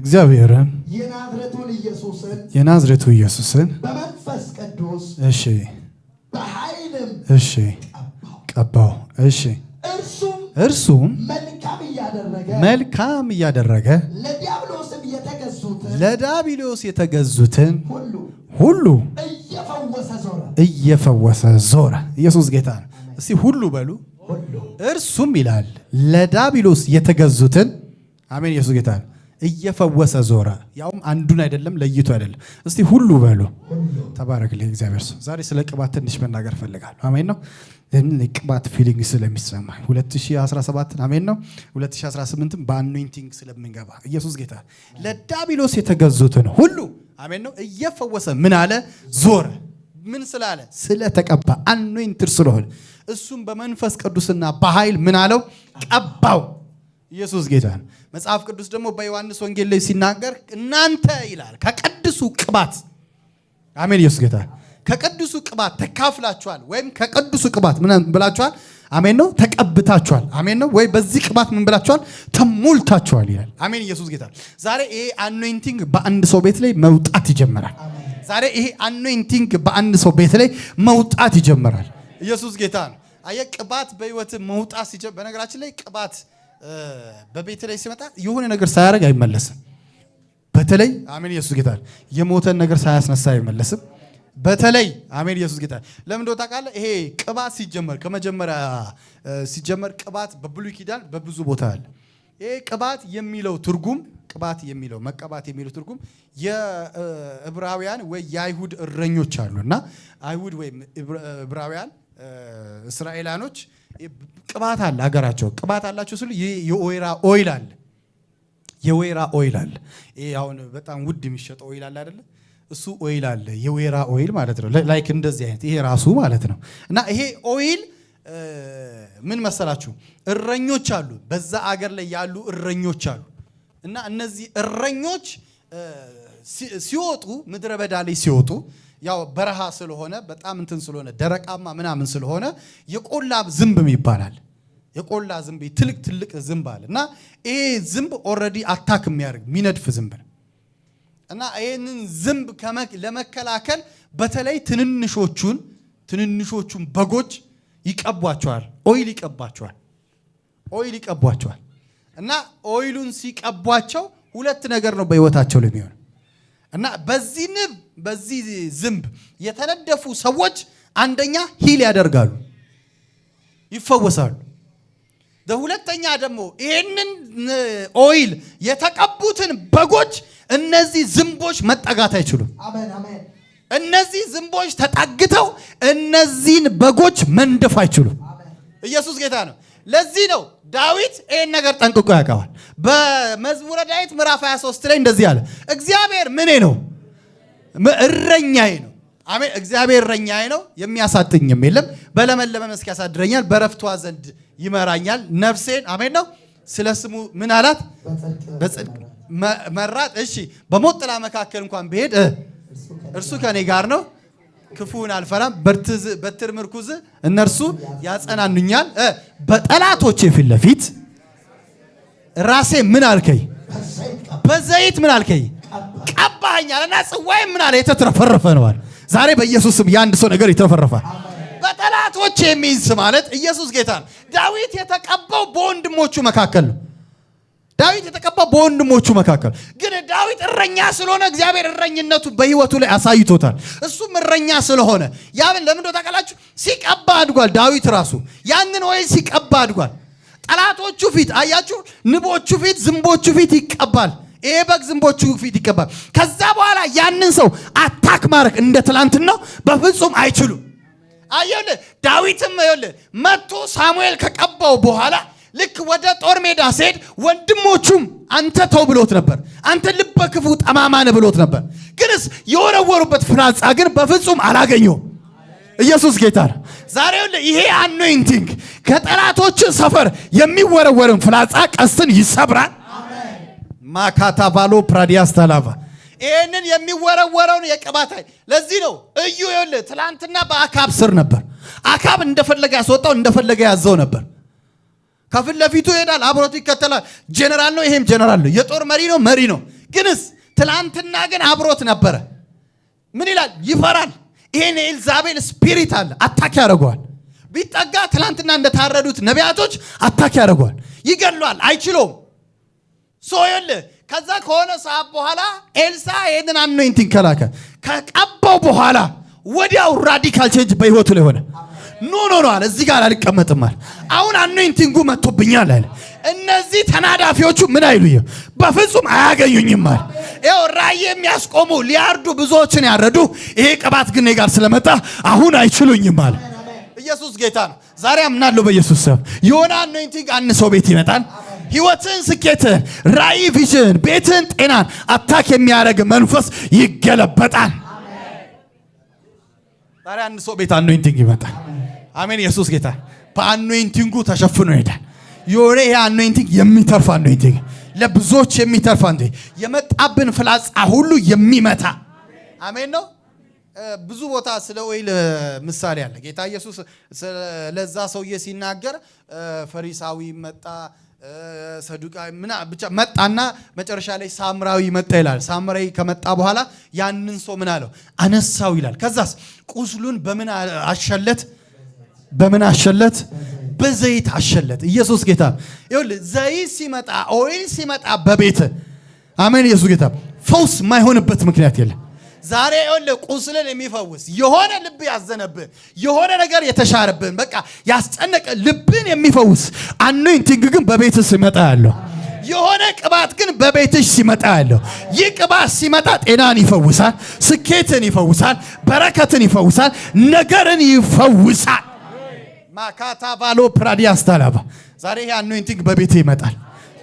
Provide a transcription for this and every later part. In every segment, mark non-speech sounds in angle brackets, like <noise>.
እግዚአብሔርም የናዝሬቱ ኢየሱስን እሺ፣ እሺ፣ ቀባው። እሺ፣ እርሱም መልካም እያደረገ ለዲያብሎስ የተገዙትን ሁሉ እየፈወሰ ዞረ። ኢየሱስ ጌታ ነው። እስቲ ሁሉ በሉ። እርሱም ይላል ለዳቢሎስ የተገዙትን አሜን። ኢየሱስ ጌታ እየፈወሰ ዞረ። ያውም አንዱን አይደለም ለይቶ አይደለም። እስቲ ሁሉ በሉ ተባረክልኝ እግዚአብሔር ሰው። ዛሬ ስለ ቅባት ትንሽ መናገር ፈልጋለሁ። አሜን ነው። ለምን ቅባት ፊሊንግ ስለሚሰማ 2017 አሜን ነው። 2018 በአኖይንቲንግ ስለምንገባ ኢየሱስ ጌታ ለዳቢሎስ የተገዙትን ሁሉ አሜን ነው እየፈወሰ ምን አለ ዞረ። ምን ስላለ ስለተቀባ አኖይንትድ ስለሆነ እሱም በመንፈስ ቅዱስና በኃይል ምን አለው ቀባው ኢየሱስ ጌታ መጽሐፍ ቅዱስ ደግሞ በዮሐንስ ወንጌል ላይ ሲናገር እናንተ ይላል ከቅዱሱ ቅባት አሜን። ኢየሱስ ጌታ ከቅዱሱ ቅባት ተካፍላችኋል ወይም ከቅዱሱ ቅባት ምን ብላችኋል? አሜን ነው ተቀብታችኋል። አሜን ነው ወይ በዚህ ቅባት ምን ብላችኋል? ተሞልታችኋል ይላል። አሜን። ኢየሱስ ጌታ ዛሬ ይሄ አኖይንቲንግ በአንድ ሰው ቤት ላይ መውጣት ይጀምራል። ዛሬ ይሄ አኖይንቲንግ በአንድ ሰው ቤት ላይ መውጣት ይጀምራል። ኢየሱስ ጌታ ነው። አየህ ቅባት በህይወት መውጣት ሲጀምር በነገራችን ላይ ቅባት በቤት ላይ ሲመጣ የሆነ ነገር ሳያደርግ አይመለስም። በተለይ አሜን ኢየሱስ ጌታ የሞተን ነገር ሳያስነሳ አይመለስም። በተለይ አሜን ኢየሱስ ጌታ ለምን እንደው ታውቃለህ? ይሄ ቅባት ሲጀመር ከመጀመሪያ ሲጀመር ቅባት በብሉይ ኪዳን በብዙ ቦታ አለ። ይሄ ቅባት የሚለው ትርጉም ቅባት የሚለው መቀባት የሚለው ትርጉም የዕብራውያን ወይ የአይሁድ እረኞች አሉ እና አይሁድ ወይም ዕብራውያን እስራኤላኖች ቅባት አለ። ሀገራቸው ቅባት አላቸው ስሉ የወይራ ኦይል አለ። የወይራ ኦይል አለ። ይሄ አሁን በጣም ውድ የሚሸጠው ኦይል አለ አይደለ? እሱ ኦይል አለ፣ የወይራ ኦይል ማለት ነው። ላይክ እንደዚህ አይነት ይሄ ራሱ ማለት ነው። እና ይሄ ኦይል ምን መሰላችሁ፣ እረኞች አሉ፣ በዛ አገር ላይ ያሉ እረኞች አሉ። እና እነዚህ እረኞች ሲወጡ ምድረ በዳ ላይ ሲወጡ ያው በረሃ ስለሆነ በጣም እንትን ስለሆነ ደረቃማ ምናምን ስለሆነ የቆላ ዝንብም ይባላል። የቆላ ዝንብ ትልቅ ትልቅ ዝንብ አለ እና ይሄ ዝንብ ኦልሬዲ አታክ የሚያደርግ የሚነድፍ ዝንብ ነው እና ይህንን ዝንብ ለመከላከል በተለይ ትንንሾቹን ትንንሾቹን በጎች ይቀቧቸዋል። ኦይል ይቀቧቸዋል። ኦይል ይቀቧቸዋል እና ኦይሉን ሲቀቧቸው ሁለት ነገር ነው በህይወታቸው ለሚሆን እና በዚህ ንብ በዚህ ዝንብ የተነደፉ ሰዎች አንደኛ ሂል ያደርጋሉ፣ ይፈወሳሉ። ሁለተኛ ደግሞ ይህንን ኦይል የተቀቡትን በጎች እነዚህ ዝንቦች መጠጋት አይችሉም። እነዚህ ዝንቦች ተጠግተው እነዚህን በጎች መንደፍ አይችሉም። ኢየሱስ ጌታ ነው። ለዚህ ነው ዳዊት ይህን ነገር ጠንቅቆ ያውቀዋል። በመዝሙረ ዳዊት ምዕራፍ 23 ላይ እንደዚህ አለ፣ እግዚአብሔር ምኔ ነው እረኛዬ ነው። አሜን። እግዚአብሔር እረኛዬ ነው፣ የሚያሳጥኝም የለም። በለመለመ መስክ ያሳድረኛል፣ በረፍቷ ዘንድ ይመራኛል። ነፍሴን አሜን ነው ስለ ስሙ ምን አላት? በጽድቅ መራት። እሺ፣ በሞት ጥላ መካከል እንኳን ብሄድ እርሱ ከኔ ጋር ነው፣ ክፉን አልፈራም። በትር ምርኩዝ እነርሱ ያጸናኑኛል። በጠላቶቼ ፊት ለፊት ራሴ ምን አልከኝ? በዘይት ምን አልከኝ ቀባኛል እና ጽዋይ ምን አለ የተትረፈረፈ ነዋል። ዛሬ በኢየሱስ ስም የአንድ ሰው ነገር ይትረፈረፋል። በጠላቶች የሚይዝ ማለት ኢየሱስ ጌታ ነው። ዳዊት የተቀባው በወንድሞቹ መካከል ነው። ዳዊት የተቀባው በወንድሞቹ መካከል ግን ዳዊት እረኛ ስለሆነ እግዚአብሔር እረኝነቱ በህይወቱ ላይ አሳይቶታል። እሱም እረኛ ስለሆነ ያብን ለምን እንደው ታውቃላችሁ? ሲቀባ አድጓል። ዳዊት ራሱ ያንን ወይ ሲቀባ አድጓል። ጠላቶቹ ፊት አያችሁ፣ ንቦቹ ፊት፣ ዝንቦቹ ፊት ይቀባል። ይሄ በግ ዝንቦቹ ፊት ይገባል። ከዛ በኋላ ያንን ሰው አታክ ማድረግ እንደ ትላንትናው በፍጹም አይችሉም። አየለ ዳዊትም ይውል መጥቶ ሳሙኤል ከቀባው በኋላ ልክ ወደ ጦር ሜዳ ሲሄድ ወንድሞቹም አንተ ተው ብሎት ነበር። አንተ ልበ ክፉ ጠማማነ ብሎት ነበር። ግንስ የወረወሩበት ፍላጻ ግን በፍጹም አላገኘው። ኢየሱስ ጌታ ዛሬ ሁሉ ይሄ አኖይንቲንግ ከጠላቶች ሰፈር የሚወረወርን ፍላጻ ቀስትን ይሰብራል። ማካታቫሎ ፕራዲያስታላቫ ይህንን የሚወረወረውን የቅባት ኃይል ለዚህ ነው እዩ ይል ትላንትና በአካብ ስር ነበር። አካብ እንደፈለገ ያስወጣው እንደፈለገ ያዘው ነበር። ከፊት ለፊቱ ይሄዳል፣ አብሮት ይከተላል። ጀነራል ነው፣ ይሄም ጀነራል ነው። የጦር መሪ ነው፣ መሪ ነው። ግንስ ትላንትና ግን አብሮት ነበረ። ምን ይላል? ይፈራል። ይሄን የኤልዛቤል ስፒሪት አለ፣ አታክ ያደርገዋል። ቢጠጋ ትላንትና እንደታረዱት ነቢያቶች አታክ ያደርገዋል፣ ይገሏል፣ አይችለውም ሶየል ከዛ ከሆነ ሰዓት በኋላ ኤልሳ ይሄንን አኖይንቲንግ ከላከ። ከቀባው በኋላ ወዲያው ራዲካል ቼንጅ በህይወቱ ላይ ሆነ። ኖ ኖ ኖ አለ፣ እዚህ ጋር አልቀመጥም አለ። አሁን አኖይንቲንጉ መጥቶብኛል አለ። እነዚህ ተናዳፊዎቹ ምን አይሉኝ፣ በፍጹም አያገኙኝም አለ። ያው ራይ የሚያስቆሙ ሊያርዱ ብዙዎችን ያረዱ፣ ይሄ ቅባት ግን ጋር ስለመጣ አሁን አይችሉኝም አለ። ኢየሱስ ጌታ ነው። ዛሬ አምናለሁ በኢየሱስ ስም የሆነ አኖይንቲንግ አንድ ሰው ቤት ይመጣል። ህይወትን፣ ስኬትን፣ ራእይ፣ ቪዥን፣ ቤትን፣ ጤናን አታክ የሚያደርግ መንፈስ ይገለበጣል። ዛሬ አንድ ሰው ቤት አኖይንቲንግ ይመጣል። አሜን። ኢየሱስ ጌታ በአኖይንቲንጉ ተሸፍኖ ይሄዳል። የወሬ ይሄ አኖይንቲንግ የሚተርፍ አኖይንቲንግ፣ ለብዙዎች የሚተርፍ አኖይንቲንግ፣ የመጣብን ፍላጻ ሁሉ የሚመታ አሜን ነው። ብዙ ቦታ ስለ ኦይል ምሳሌ አለ። ጌታ ኢየሱስ ለዛ ሰውዬ ሲናገር ፈሪሳዊ መጣ ሰዱቃ ምና ብቻ መጣና መጨረሻ ላይ ሳምራዊ መጣ ይላል። ሳምራዊ ከመጣ በኋላ ያንን ሰው ምን አለው? አነሳው ይላል። ከዛስ ቁስሉን በምን አሸለት? በምን አሸለት? በዘይት አሸለት። ኢየሱስ ጌታ ይሁን። ዘይት ሲመጣ ኦይል ሲመጣ በቤት አሜን። ኢየሱስ ጌታ ፈውስ ማይሆንበት ምክንያት የለም። ዛሬ ይኸውልህ ቁስልን የሚፈውስ የሆነ ልብ ያዘነብህ የሆነ ነገር የተሻረብህን በቃ ያስጨነቀ ልብን የሚፈውስ አኖይንቲንግ ግን በቤት ሲመጣ ያለው የሆነ ቅባት ግን በቤትሽ ሲመጣ ያለው ይህ ቅባት ሲመጣ ጤናን ይፈውሳል፣ ስኬትን ይፈውሳል፣ በረከትን ይፈውሳል፣ ነገርን ይፈውሳል። ማካታ ባሎ ፕራዲያስታላባ ዛሬ ይህ አኖይንቲንግ በቤት ይመጣል።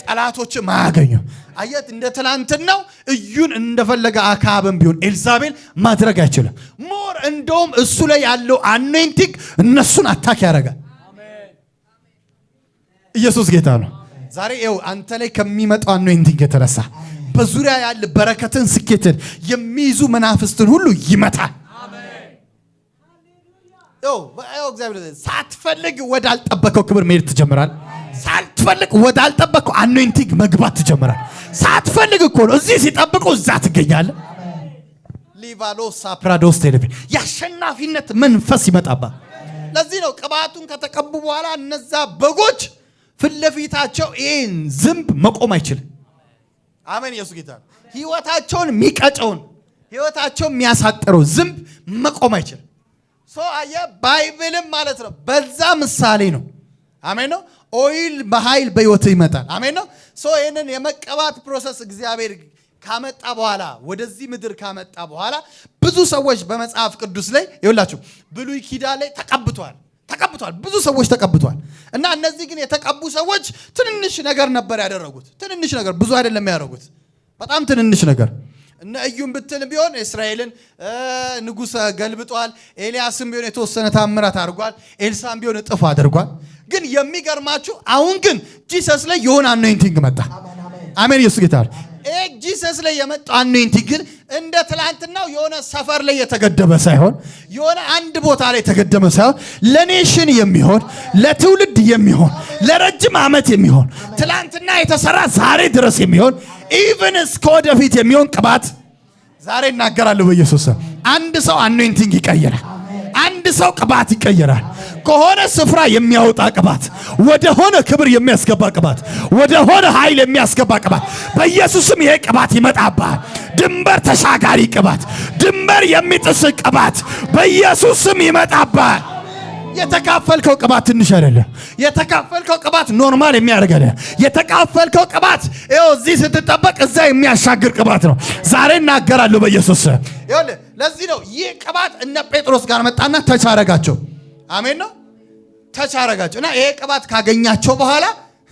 ጠላቶችም ማያገኙ አየት እንደ ትላንትናው እዩን እንደፈለገ አካብም ቢሆን ኤልዛቤል ማድረግ አይችልም። ሞር እንደውም እሱ ላይ ያለው አኖይንቲንግ እነሱን አታክ ያደርጋል። ኢየሱስ ጌታ ነው። ዛሬ ይኸው አንተ ላይ ከሚመጣው አኖይንቲንግ የተነሳ በዙሪያ ያለ በረከትን፣ ስኬትን የሚይዙ መናፍስትን ሁሉ ይመታል። ሳትፈልግ ወዳልጠበቀው ክብር መሄድ ትጀምራል። ሳትፈልግ ወዳልጠበቀው አኖይንቲንግ መግባት ትጀምራል። ሳትፈልግ እኮ ነው። እዚህ ሲጠብቁ እዛ ትገኛለ። ሊቫሎስ ሳፕራዶስ ቴሌቪ የአሸናፊነት መንፈስ ይመጣባል። ለዚህ ነው ቅባቱን ከተቀቡ በኋላ እነዛ በጎች ፊትለፊታቸው ይህን ዝንብ መቆም አይችልም። አሜን። ኢየሱስ ጌታ ህይወታቸውን የሚቀጨውን ህይወታቸውን የሚያሳጥረው ዝንብ መቆም አይችልም። ሶ አየ ባይብልም ማለት ነው በዛ ምሳሌ ነው። አሜን ነው ኦይል በኃይል በህይወት ይመጣል። አሜን ነው። ሶ ይህንን የመቀባት ፕሮሰስ እግዚአብሔር ካመጣ በኋላ ወደዚህ ምድር ካመጣ በኋላ ብዙ ሰዎች በመጽሐፍ ቅዱስ ላይ ይኸውላችሁ ብሉይ ኪዳን ላይ ተቀብቷል ተቀብቷል ብዙ ሰዎች ተቀብቷል። እና እነዚህ ግን የተቀቡ ሰዎች ትንንሽ ነገር ነበር ያደረጉት። ትንንሽ ነገር ብዙ አይደለም ያደረጉት፣ በጣም ትንንሽ ነገር እነ እዩም ብትል ቢሆን እስራኤልን ንጉሥ ገልብጧል። ኤልያስም ቢሆን የተወሰነ ታምራት አድርጓል። ኤልሳም ቢሆን እጥፍ አድርጓል። ግን የሚገርማችሁ አሁን ግን ጂሰስ ላይ የሆነ አኖይንቲንግ መጣ። አሜን ኢየሱስ ጌታ ጂሰስ ላይ የመጣ አኖይንቲንግ ግን እንደ ትላንትናው የሆነ ሰፈር ላይ የተገደበ ሳይሆን የሆነ አንድ ቦታ ላይ የተገደበ ሳይሆን ለኔሽን የሚሆን ለትውልድ የሚሆን ለረጅም ዓመት የሚሆን ትላንትና የተሰራ ዛሬ ድረስ የሚሆን ኢቭን እስከ ወደፊት የሚሆን ቅባት ዛሬ እናገራለሁ። በኢየሱስ አንድ ሰው አኖይንቲንግ ይቀይራል። አንድ ሰው ቅባት ይቀየራል። ከሆነ ስፍራ የሚያወጣ ቅባት፣ ወደ ሆነ ክብር የሚያስገባ ቅባት፣ ወደ ሆነ ኃይል የሚያስገባ ቅባት፣ በኢየሱስም ይሄ ቅባት ይመጣብሃል። ድንበር ተሻጋሪ ቅባት፣ ድንበር የሚጥስ ቅባት በኢየሱስም ይመጣብሃል። የተካፈልከው ቅባት ትንሽ አይደለም። የተካፈልከው ቅባት ኖርማል የሚያደርግ አይደለም። የተካፈልከው ቅባት ይኸው እዚህ ስትጠበቅ እዛ የሚያሻግር ቅባት ነው። ዛሬ እናገራለሁ በኢየሱስ ለዚህ ነው ይህ ቅባት እነ ጴጥሮስ ጋር መጣና ተቻረጋቸው። አሜን ነው ተቻረጋቸው እና ይሄ ቅባት ካገኛቸው በኋላ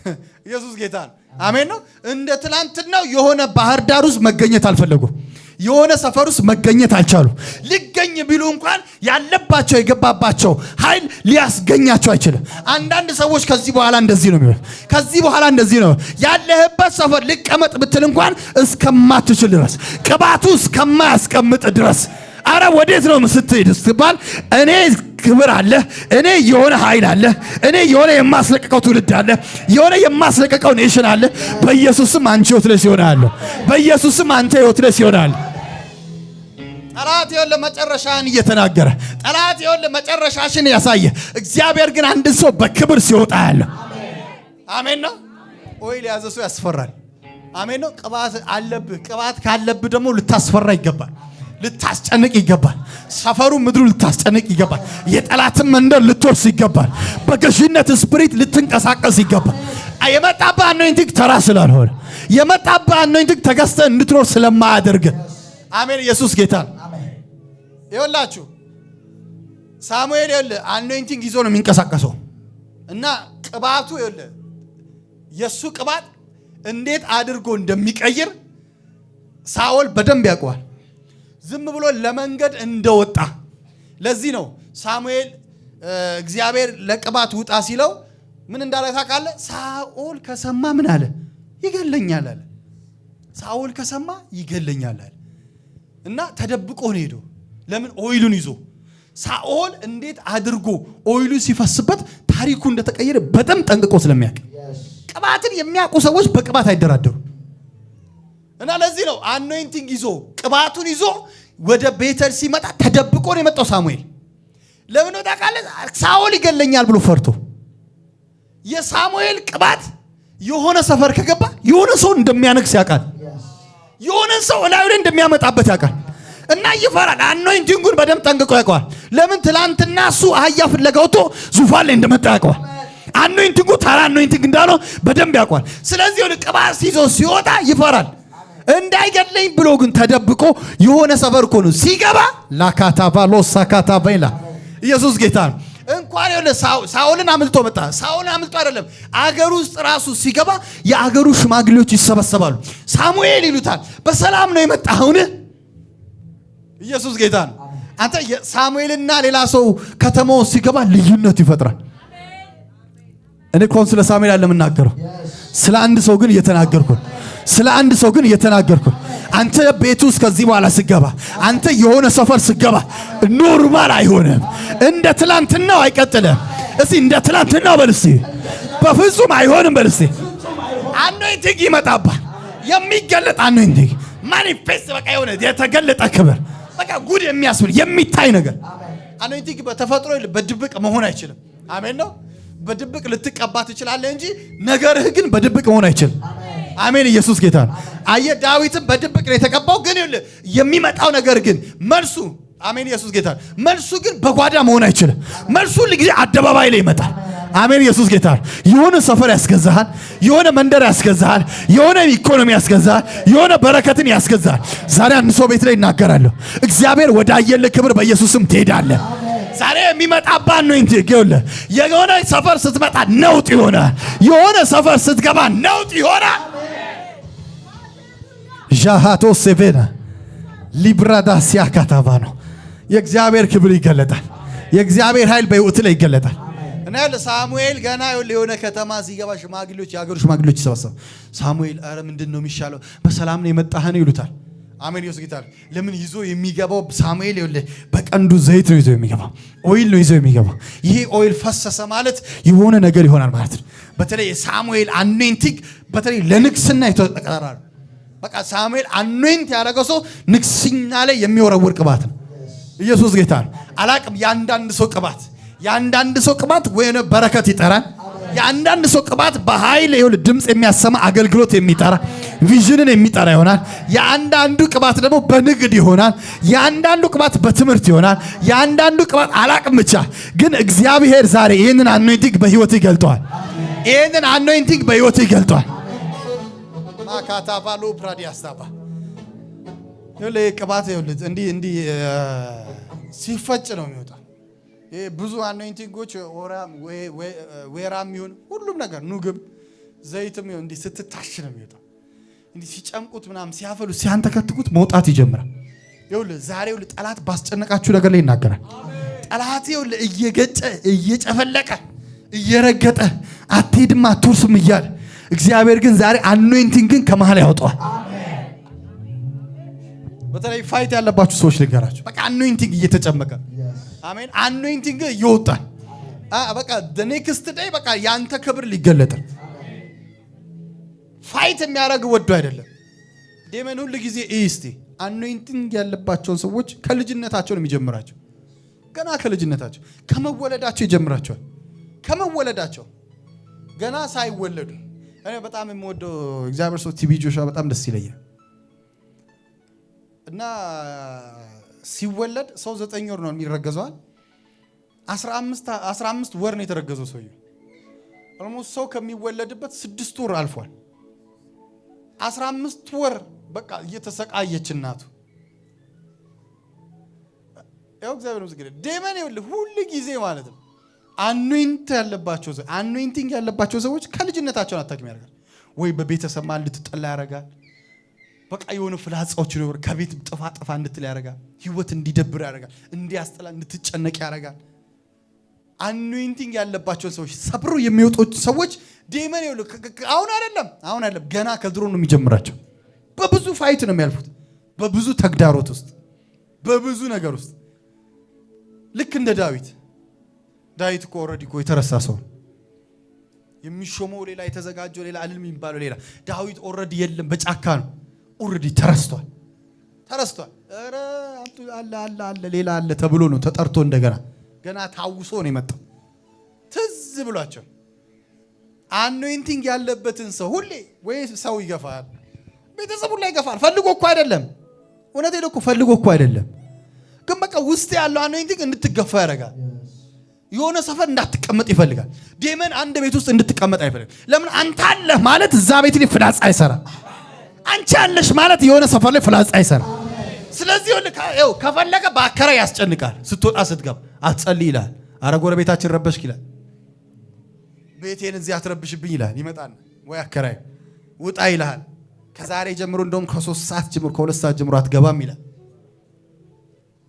<laughs> ኢየሱስ ጌታ ነው። አሜን ነው። እንደ ትላንትናው የሆነ ባህር ዳር ውስጥ መገኘት አልፈለጉም። የሆነ ሰፈር ውስጥ መገኘት አልቻሉ። ይገኝ ቢሉ እንኳን ያለባቸው የገባባቸው ኃይል ሊያስገኛቸው አይችልም። አንዳንድ ሰዎች ከዚህ በኋላ እንደዚህ ነው የሚሆን፣ ከዚህ በኋላ እንደዚህ ነው ያለህበት ሰፈር ልቀመጥ ብትል እንኳን እስከማትችል ድረስ ቅባቱ እስከማያስቀምጥ ድረስ አረ ወዴት ነው ስትሄድ ስትባል እኔ ክብር አለ፣ እኔ የሆነ ኃይል አለ፣ እኔ የሆነ የማስለቀቀው ትውልድ አለ፣ የሆነ የማስለቀቀው ኔሽን አለ። በኢየሱስም አንቺ ህይወት ላይ ሲሆን አለ። በኢየሱስም አንተ ህይወት ላይ ሲሆን አለ። ጠላት ይወል መጨረሻህን እየተናገረ ጠላት ይወል መጨረሻሽን ያሳየ። እግዚአብሔር ግን አንድ ሰው በክብር ሲወጣ ያለ አሜን ነው። ኦይል የያዘ ሰው ያስፈራል። አሜን ነው። ቅባት አለብህ። ቅባት ካለብህ ደግሞ ልታስፈራ ይገባል። ልታስጨንቅ ይገባል። ሰፈሩ ምድሩ ልታስጨንቅ ይገባል። የጠላትን መንደር ልትወርስ ይገባል። በገዥነት ስፕሪት ልትንቀሳቀስ ይገባል። የመጣብህ አኖይንቲንግ ተራ ስላልሆነ የመጣብህ አኖይንቲንግ ተገዝተህ እንድትኖር ስለማያደርግ አሜን። ኢየሱስ ጌታ ነው። ይኸውላችሁ ሳሙኤል ይኸውልህ አኖይንቲንግ ይዞ ነው የሚንቀሳቀሰው እና ቅባቱ ይኸውልህ የእሱ ቅባት እንዴት አድርጎ እንደሚቀይር ሳኦል በደንብ ያውቀዋል። ዝም ብሎ ለመንገድ እንደወጣ ለዚህ ነው ሳሙኤል እግዚአብሔር ለቅባት ውጣ ሲለው ምን እንዳለ ታውቃለህ? ሳኦል ከሰማ ምን አለ? ይገለኛል አለ። ሳኦል ከሰማ ይገለኛል አለ እና ተደብቆ ነው ሄዶ ለምን ኦይሉን ይዞ ሳኦል እንዴት አድርጎ ኦይሉ ሲፈስበት ታሪኩ እንደተቀየረ በጣም ጠንቅቆ ስለሚያውቅ ቅባትን የሚያውቁ ሰዎች በቅባት አይደራደሩ እና ለዚህ ነው አኖይንቲንግ ይዞ ቅባቱን ይዞ ወደ ቤተል ሲመጣ ተደብቆ ነው የመጣው ሳሙኤል። ለምን ወዳቃለ ሳኦል ይገለኛል ብሎ ፈርቶ። የሳሙኤል ቅባት የሆነ ሰፈር ከገባ የሆነ ሰው እንደሚያነግስ ያውቃል። የሆነ ሰው እላዩ ላይ እንደሚያመጣበት ያውቃል። እና ይፈራል። አኖይንቲንጉን በደንብ ጠንቅቆ ያውቀዋል። ለምን ትላንትና እሱ አህያ ፍለጋ ወጥቶ ዙፋን ላይ እንደመጣ ያውቀዋል። አኖይንቲንጉ ታራ አኖይንቲንግ እንዳለው በደንብ ያውቀዋል። ስለዚህ ሆነ ቅባት ሲዞ ሲወጣ ይፈራል። እንዳይገለኝ ብሎ ግን ተደብቆ የሆነ ሰፈር እኮ ነው ሲገባ ላካታባ ሎሳካታባ ይላ ኢየሱስ ጌታ ነው። እንኳን የሆነ ሳውልን አምልጦ መጣ። ሳውልን አምልጦ አይደለም አገር ውስጥ ራሱ ሲገባ የአገሩ ሽማግሌዎች ይሰበሰባሉ። ሳሙኤል ይሉታል። በሰላም ነው የመጣ አሁን ኢየሱስ ጌታ ነው። አንተ ሳሙኤልና ሌላ ሰው ከተማው ሲገባ ልዩነት ይፈጥራል። እኔ እኮ ስለ ሳሙኤል አለ የምናገረው፣ ስለ አንድ ሰው ግን እየተናገርኩ ስለ አንድ ሰው ግን እየተናገርኩ አንተ ቤት ውስጥ ከዚህ በኋላ ስገባ፣ አንተ የሆነ ሰፈር ስገባ ኖርማል አይሆንም። እንደ ትላንትናው አይቀጥልም። እስቲ እንደ ትላንትናው በል በፍጹም አይሆንም በል እስቲ። አኖይንቲንግ ይመጣባል። የሚገለጥ አኖይንቲንግ ማኒፌስት፣ በቃ የሆነ የተገለጠ ክብር በቃ ጉድ የሚያስብል የሚታይ ነገር። አኖይንቲንግ በተፈጥሮ በድብቅ መሆን አይችልም። አሜን ነው። በድብቅ ልትቀባ ትችላለህ እንጂ ነገርህ ግን በድብቅ መሆን አይችልም። አሜን። ኢየሱስ ጌታ ነው። አየህ ዳዊትም በድብቅ ነው የተቀባው፣ ግን የሚመጣው ነገር ግን መልሱ አሜን። ኢየሱስ ጌታ ነው። መልሱ ግን በጓዳ መሆን አይችልም። መልሱ ሁል አደባባይ ላይ ይመጣል። አሜን። ኢየሱስ ጌታ። የሆነ ሰፈር ያስገዛሃል፣ የሆነ መንደር ያስገዛሃል፣ የሆነ ኢኮኖሚ ያስገዛሃል፣ የሆነ በረከትን ያስገዛሃል። ዛሬ አንድ ሰው ቤት ላይ እናገራለሁ። እግዚአብሔር ወደ ክብር በኢየሱስም ትሄዳለህ። ዛሬ የሚመጣባን ነው እንት ይገውለ የሆነ ሰፈር ስትመጣ ነውጥ ይሆነ የሆነ ሰፈር ስትገባ ነውጥ ይሆነ ጃሃቶ ሴቬና ሊብራዳ ሲያካታባ ነው። የእግዚአብሔር ክብር ይገለጣል። የእግዚአብሔር ኃይል በሕይወት ላይ ይገለጣል። እና ያለ ሳሙኤል ገና የሆነ ከተማ ሲገባ ሽማግሌዎች፣ የሀገሩ ሽማግሌዎች ይሰበሰብ ሳሙኤል፣ አረ ምንድን ነው የሚሻለው? በሰላም ነው የመጣህ ነው ይሉታል። አሜን ይወስ ጌታ ለምን ይዞ የሚገባው ሳሙኤል ይወለ በቀንዱ ዘይት ነው ይዞ የሚገባው ኦይል ነው ይዞ የሚገባው። ይሄ ኦይል ፈሰሰ ማለት የሆነ ነገር ይሆናል ማለት ነው። በተለይ የሳሙኤል አኖይንቲንግ በተለይ ለንግስና የተቀራራ ነው። በቃ ሳሙኤል አኖይንት ያደረገው ሰው ንግስና ላይ የሚወረውር ቅባት ነው። ኢየሱስ ጌታ አላቅም የአንዳንድ ሰው ቅባት የአንዳንድ ሰው ቅባት ወይነ በረከት ይጠራል። የአንዳንድ ሰው ቅባት በኃይል ይሁን ድምፅ የሚያሰማ አገልግሎት የሚጠራ ቪዥንን የሚጠራ ይሆናል። የአንዳንዱ ቅባት ደግሞ በንግድ ይሆናል። የአንዳንዱ ቅባት በትምህርት ይሆናል። የአንዳንዱ ቅባት አላቅም ብቻ ግን እግዚአብሔር ዛሬ ይህንን አኖይንቲንግ በህይወት ይገልጠዋል። ይህንን አኖይንቲንግ በህይወት ይገልጠዋል። ማካታባሎ ብራዲያስታባ ቅባት እንዲህ ሲፈጭ ነው የሚወጣው ብዙ አኖይንቲንጎች ወይራም ይሁን ሁሉም ነገር ኑግም ዘይትም ይሁን እንዲህ ስትታሽ ነው የሚወጣው። እንዲህ ሲጨምቁት ምናም ሲያፈሉ ሲያንተከትኩት መውጣት ይጀምራል። ይኸውልህ ዛሬ ጠላት ባስጨነቃችሁ ነገር ላይ ይናገራል። ጠላት ይኸውልህ እየገጨ እየጨፈለቀ እየረገጠ አትሄድም አትወርስም እያለ እግዚአብሔር ግን ዛሬ ግን ከመሀል ያወጣዋል። በተለይ ፋይት ያለባችሁ ሰዎች ልንገራችሁ፣ በቃ አኖይንቲንግ እየተጨመቀ አሜን። አኖይንቲንግ ይወጣል። በቃ ኔክስት ዴይ በቃ ያንተ ክብር ሊገለጥ ፋይት የሚያደርግ ወዶ አይደለም። ዴመን ሁል ጊዜ እስቲ አኖይንቲንግ ያለባቸውን ሰዎች ከልጅነታቸው ነው የሚጀምራቸው። ገና ከልጅነታቸው ከመወለዳቸው ይጀምራቸዋል። ከመወለዳቸው ገና ሳይወለዱ እኔ በጣም የምወደው እግዚአብሔር ሰው ቲቪ ጆሻ በጣም ደስ ይለኛል እና ሲወለድ ሰው ዘጠኝ ወር ነው የሚረገዘዋል። አስራ አምስት ወር ነው የተረገዘው ሰውዬው። ኦልሞስት ሰው ከሚወለድበት ስድስት ወር አልፏል። አስራ አምስት ወር በቃ እየተሰቃየች እናቱ ያው እግዚአብሔር ምስክር ዴመን ይኸውልህ፣ ሁል ጊዜ ማለት ነው አኖይንት ያለባቸው አኖይንቲንግ ያለባቸው ሰዎች ከልጅነታቸውን አታክም ያደርጋል ወይ በቤተሰብ ልትጠላ ያደርጋል በቃ የሆነ ፍላጻዎች ይኖር ከቤት ጥፋ ጥፋ እንድትል ያደርጋል። ህይወት እንዲደብር ያደርጋል። እንዲያስጠላ እንድትጨነቅ ያደርጋል። አኖይንቲንግ ያለባቸውን ሰዎች ሰብሮ የሚወጡት ሰዎች ዴመን ይሉ አሁን አይደለም አሁን አይደለም ገና ከድሮ ነው የሚጀምራቸው። በብዙ ፋይት ነው የሚያልፉት፣ በብዙ ተግዳሮት ውስጥ፣ በብዙ ነገር ውስጥ ልክ እንደ ዳዊት። ዳዊት እኮ ኦልሬዲ እኮ የተረሳ ሰው የሚሾመው ሌላ የተዘጋጀው ሌላ አልል የሚባለው ሌላ። ዳዊት ኦልሬዲ የለም በጫካ ነው ኦልሬዲ ተረስቷል ተረስቷል። አለ አለ አለ ሌላ አለ ተብሎ ነው ተጠርቶ እንደገና ገና ታውሶ ነው የመጣው። ትዝ ብሏቸው አኖይንቲንግ ያለበትን ሰው ሁሌ ወይ ሰው ይገፋል፣ ቤተሰቡ ላይ ይገፋል። ፈልጎ እኮ አይደለም፣ እውነት ሄደ እኮ ፈልጎ እኮ አይደለም። ግን በቃ ውስጥ ያለው አኖይንቲንግ እንድትገፋ ያደርጋል። የሆነ ሰፈር እንዳትቀመጥ ይፈልጋል። ዴመን አንድ ቤት ውስጥ እንድትቀመጥ አይፈልግም። ለምን አንተ አለህ ማለት እዛ ቤት ላይ ፍላጻ አይሰራ አንቺ አለሽ ማለት የሆነ ሰፈር ላይ ፍላጻ አይሰራ። ስለዚህ ይኸው ከፈለገ በአከራ ያስጨንቃል። ስትወጣ ስትገባ አትጸልይ ይላል። አረ ጎረቤታችን ረበሽክ ይላል። ቤቴን እዚህ አትረብሽብኝ ይላል። ይመጣል ወይ አከራይ ውጣ ይልሃል። ከዛሬ ጀምሮ እንደውም ከሶስት ሰዓት ጀምሮ ከሁለት ሰዓት ጀምሮ አትገባም ይላል።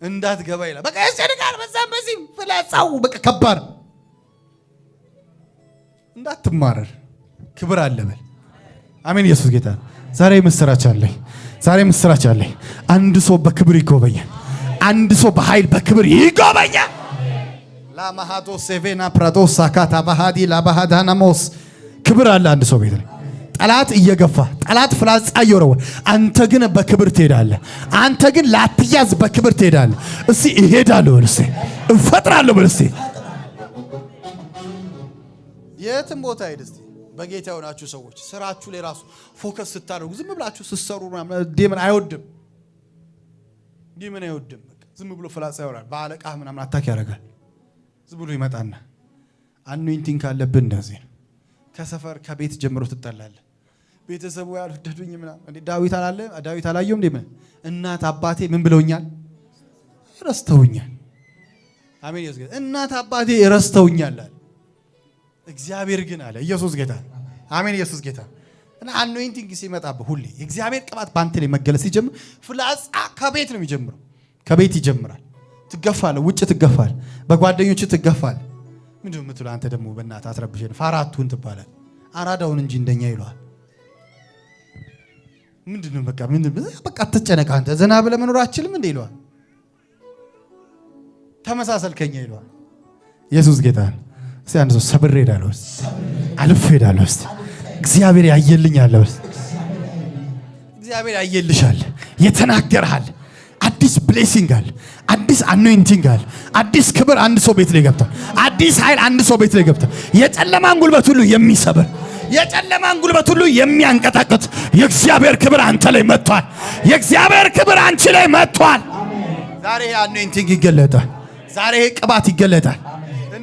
እንዳትገባ ይላል። በቃ ያስጨንቃል። በዛም በዚህም ፍላጻው በቃ ከባድ እንዳትማረር ክብር አለበል። አሜን። ኢየሱስ ጌታ ዛሬ ምስራች አለኝ። ዛሬ ምስራች አለኝ። አንድ ሰው በክብር ይጎበኛል። አንድ ሰው በኃይል በክብር ይጎበኛል። ላማሃዶ ሴቬና ፕራዶ ሳካታ ባህዲ ላባሃዳናሞስ ክብር አለ አንድ ሰው ቤት ላይ ጠላት እየገፋ ጠላት ፍላጻ እየወረወ አንተ ግን በክብር ትሄዳለህ። አንተ ግን ላትያዝ በክብር ትሄዳለህ። እስቲ እሄዳለሁ በል እስቲ እፈጥራለሁ በል እስቲ የትም ቦታ ሄድ እስቲ በጌታ የሆናችሁ ሰዎች ስራችሁ ላይ ራሱ ፎከስ ስታደርጉ ዝም ብላችሁ ስትሰሩ ዲምን አይወድም። ዲምን አይወድም። ዝም ብሎ ፍላጻ ይሆናል። በአለቃ ምናምን አታክ ያደርጋል። ዝም ብሎ ይመጣና አኖይንቲንግ ካለብን እንደዚህ ከሰፈር ከቤት ጀምሮ ትጠላለ። ቤተሰቡ ያልወደዱኝ ምናምን ዳዊት አላለ ዳዊት አላየውም። ምን እናት አባቴ ምን ብለውኛል? ረስተውኛል። አሜን። እናት አባቴ ረስተውኛል አለ እግዚአብሔር ግን አለ ኢየሱስ ጌታ አሜን። ኢየሱስ ጌታ እና አኖይንቲንግ ሲመጣብህ ሁሌ እግዚአብሔር ቅባት በአንተ ላይ መገለጽ ሲጀምር ፍላጻ ከቤት ነው የሚጀምረው። ከቤት ይጀምራል። ትገፋለህ፣ ውጭ ትገፋል፣ በጓደኞች ትገፋል። ምንድን የምትለው አንተ ደግሞ በእናት አትረብሽን፣ ፋራቱን ትባላል። አራዳውን እንጂ እንደኛ ይለዋል። ምንድን ነው በቃ ምንድን በቃ አትጨነቅ አንተ ዘና ብለህ መኖር አችልም እንደ ይለዋል። ተመሳሰልከኛ ይለዋል። ኢየሱስ ጌታ ሲያን ሰው ሰብሬ ሄዳለሁ ውስጥ አልፌ ሄዳለሁ እስቲ እግዚአብሔር ያየልኝ አለ እስቲ እግዚአብሔር ያየልሻል፣ የተናገርሃል። አዲስ ብሌሲንግ አለ፣ አዲስ አኖይንቲንግ አለ፣ አዲስ ክብር አንድ ሰው ቤት ላይ ገብቷል። አዲስ ኃይል አንድ ሰው ቤት ላይ ገብቷል። የጨለማን ጉልበት ሁሉ የሚሰብር የጨለማን ጉልበት ሁሉ የሚያንቀጣቅጥ የእግዚአብሔር ክብር አንተ ላይ መጥቷል። የእግዚአብሔር ክብር አንቺ ላይ መጥቷል። ዛሬ አኖይንቲንግ ይገለጣል። ዛሬ ቅባት ይገለጣል።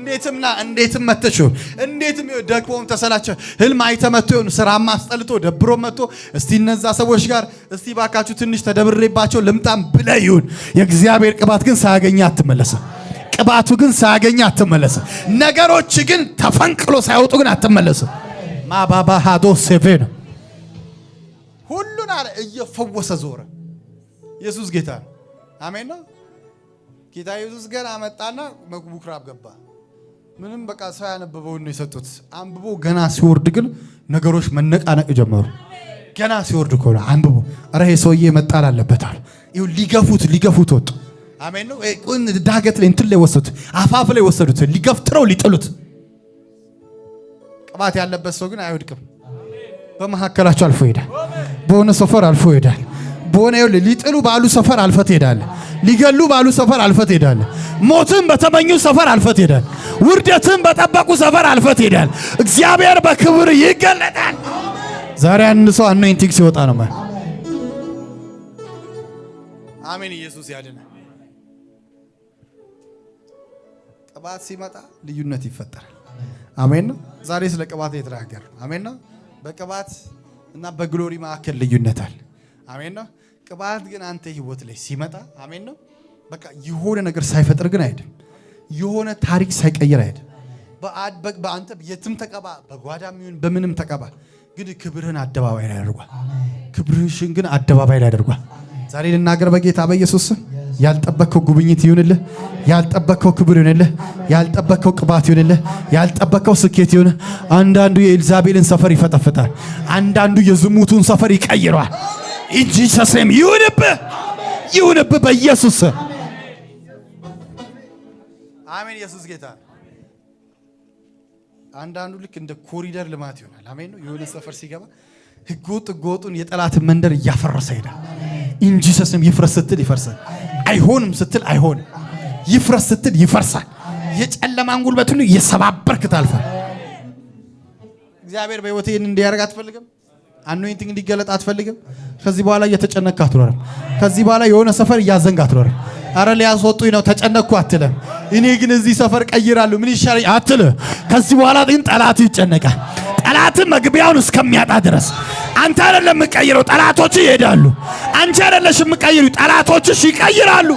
እንዴትምና እንዴትም መተች ይሆን እንዴትም ደግሞም ተሰላቸ ህልም አይተመቶ መቶ ይሆን ስራም አስጠልቶ ደብሮ መጥቶ እስቲ እነዛ ሰዎች ጋር እስቲ ባካችሁ ትንሽ ተደብሬባቸው ልምጣም ብለ ይሁን። የእግዚአብሔር ቅባት ግን ሳያገኘ አትመለስም። ቅባቱ ግን ሳያገኘ አትመለስም። ነገሮች ግን ተፈንቅሎ ሳይወጡ ግን አትመለስም። ማባባ ሃዶ ሴቬ ነው ሁሉን አለ እየፈወሰ ዞረ። ኢየሱስ ጌታ ነው። አሜን ነው። ጌታ ኢየሱስ ገና መጣና መጉቡ ገባ። ምንም በቃ ሰው ያነበበውን ነው የሰጡት። አንብቦ ገና ሲወርድ ግን ነገሮች መነቃነቅ ጀመሩ። ገና ሲወርድ ከሆነ አንብቦ ረ ሰውዬ መጣል አለበታል። ሊገፉት ሊገፉት ወጡ። አሜን ነው። ዳገት ላይ እንትን ላይ ወሰዱት፣ አፋፍ ላይ ወሰዱት፣ ሊገፍጥረው ሊጥሉት። ቅባት ያለበት ሰው ግን አይወድቅም። በመካከላቸው አልፎ ይሄዳል። በሆነ ሰፈር አልፎ ይሄዳል። በሆነ ሊጥሉ ባሉ ሰፈር አልፈት ይሄዳል። ሊገሉ ባሉ ሰፈር አልፈት ሄዳል። ሞትን በተመኙ ሰፈር አልፈት ሄዳል። ውርደትን በጠበቁ ሰፈር አልፈት ሄዳል። እግዚአብሔር በክብር ይገለጣል። ዛሬ አንድ ሰው አኖይንቲንግ ሲወጣ ነው ማለት አሜን። ኢየሱስ ያድነ ቅባት ሲመጣ ልዩነት ይፈጠራል። አሜን። ዛሬ ስለ ቅባት የተናገር አሜን። በቅባት እና በግሎሪ መካከል ልዩነት አለ። አሜን ነው። ቅባት ግን አንተ ህይወት ላይ ሲመጣ አሜን ነው። በቃ የሆነ ነገር ሳይፈጥር ግን አይሄድም። የሆነ ታሪክ ሳይቀይር አይሄድም። በአንተ የትም ተቀባ፣ በጓዳም ይሁን በምንም ተቀባ፣ ግን ክብርህን አደባባይ ላይ ያደርጓል። ክብርሽን ግን አደባባይ ላይ ያደርጓል። ዛሬ ልናገር በጌታ በኢየሱስ ያልጠበከው ጉብኝት ይሁንልህ። ያልጠበከው ክብር ይሁንልህ። ያልጠበከው ቅባት ይሁንልህ። ያልጠበከው ስኬት ይሁን። አንዳንዱ የኤልዛቤልን ሰፈር ይፈጠፍጣል። አንዳንዱ የዝሙቱን ሰፈር ይቀይረዋል። ኢንጂሰስ ይሁንብህ፣ ይሁንብህ በኢየሱስ አሜን። ኢየሱስ ጌታ። አንዳንዱ ልክ እንደ ኮሪደር ልማት ይሆናል። አሜን ነው። የሆነ ሰፈር ሲገባ ህገወጥ ህገወጡን የጠላትን መንደር እያፈረሰ ይሄዳል። ኢንጂሰስ ይፍረስ ስትል ይፈርሳል። አይሆንም ስትል አይሆንም። ይፍረስ ስትል ይፈርሳል። የጨለማን ጉልበት ሁሉ እየሰባበርክ ታልፋል። እግዚአብሔር በህይወቴ እንዲያደርግ አትፈልግም። አኖይንቲንግ እንዲገለጥ አትፈልግም? ከዚህ በኋላ እየተጨነቅክ አትኖርም። ከዚህ በኋላ የሆነ ሰፈር እያዘንግ አትኖርም። አረ ሊያስወጡኝ ነው ተጨነቅኩ አትልም። እኔ ግን እዚህ ሰፈር ቀይራሉ ምን ይሻል አትል። ከዚህ በኋላ ግን ጠላት ይጨነቃል። ጠላትን መግቢያውን እስከሚያጣ ድረስ አንተ አይደለም የምቀይረው፣ ጠላቶች ይሄዳሉ። አንቺ አይደለሽ የምቀይሩ፣ ጠላቶችሽ ይቀይራሉ።